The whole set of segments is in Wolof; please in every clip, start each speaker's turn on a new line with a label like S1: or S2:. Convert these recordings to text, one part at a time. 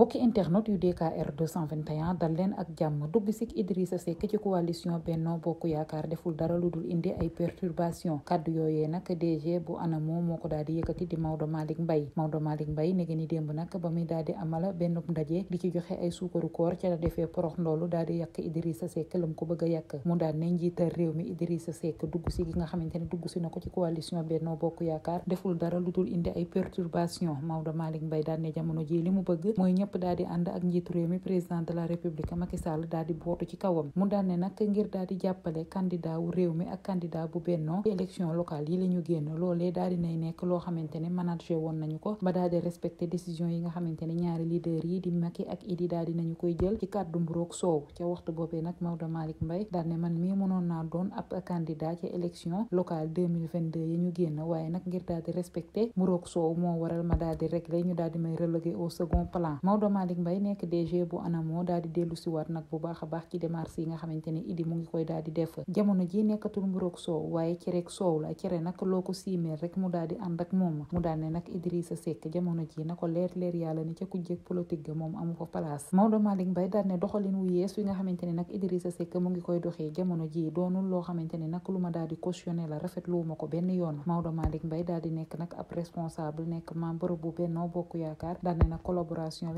S1: mbokki internet yu DKR 221 dal leen ak jàmm dugg sik Idrissa Seck ci coalition Benno Bokk Yaakaar deful dara lu dul indi ay perturbation kaddu yooyee nag DG bu ANAMO moo ko daal di yëkkati di Maodo Malick Mbaye Maodo Malick Mbaye ne ni démb nag ba muy daal di amal benn ndaje di ci joxe ay suukaru koor ca la defee porox ndoolu daal di yàq Idrissa Seck lam ko bëgg yàq mu daal ne njiital mi Idrissa Seck dugg si gi nga xamante ne dugg si na ko ci coalition Benno Bokk Yaakaar deful dara lu dul indi ay perturbation Maodo Malick Mbaye daal ne jamono ji mu bëgg mooy ñëpp ñëpp daal di ànd ak njiitu réew mi président de la république Macky Sall daal di bootu ci kawam mu daal ne nag ngir daal di jàppale candidat wu réew mi ak candidat bu bennoo ci élection locale yi la ñu génn loolee daal di nay nekk loo xamante ne manager woon nañu ko ba daal di décision yi nga xamante ne ñaari leader yi di Macky ak Idi daal di nañu koy jël ci kàddu mburoog soow ca waxtu boobee nag Maodo Malick Mbaye daal ne man mii mënoon naa doon ab candidat ci élection locale 2022 yi ñu génn waaye nag ngir daal di respecté mburoog soow moo waral ma daal di réglé ñu daal di may relégué au second Maodo Malick Mbaye nekk DG bu ANAMO daal di dellu siwaat nag bu baax a baax ci démarche yi nga xamante ne idi mu ngi koy daal jamono ji nekkatul mburoog soow waaye cere soow la cere nag loo ko siimee rek mu daal di ànd ak moom mu daal ne nag Idrissa Seck jamono na ko leer leer yàlla ni ca ku jéeg politique ga moom amu fa place Maodo Malick Mbaye daal ne doxalin wu yees yi nga xamante ne nag Idrissa Seck mu ngi koy doxee jamono ji doonul loo xamante ne nag lu ma daal di cautionné la rafet lu ma ko benn yoon Maodo Malick Mbaye daal di nekk nag ab responsable nekk membre bu Benno Bokk Yaakaar daal ne nag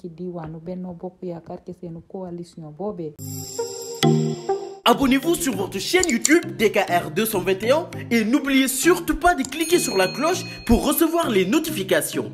S1: ci diiwaanu Benno Bokk Yaakaar ci seenu coalition boobee
S2: Abonnez-vous sur votre chaîne YouTube DKR 221 et n'oubliez surtout pas de cliquer sur la cloche pour recevoir les notifications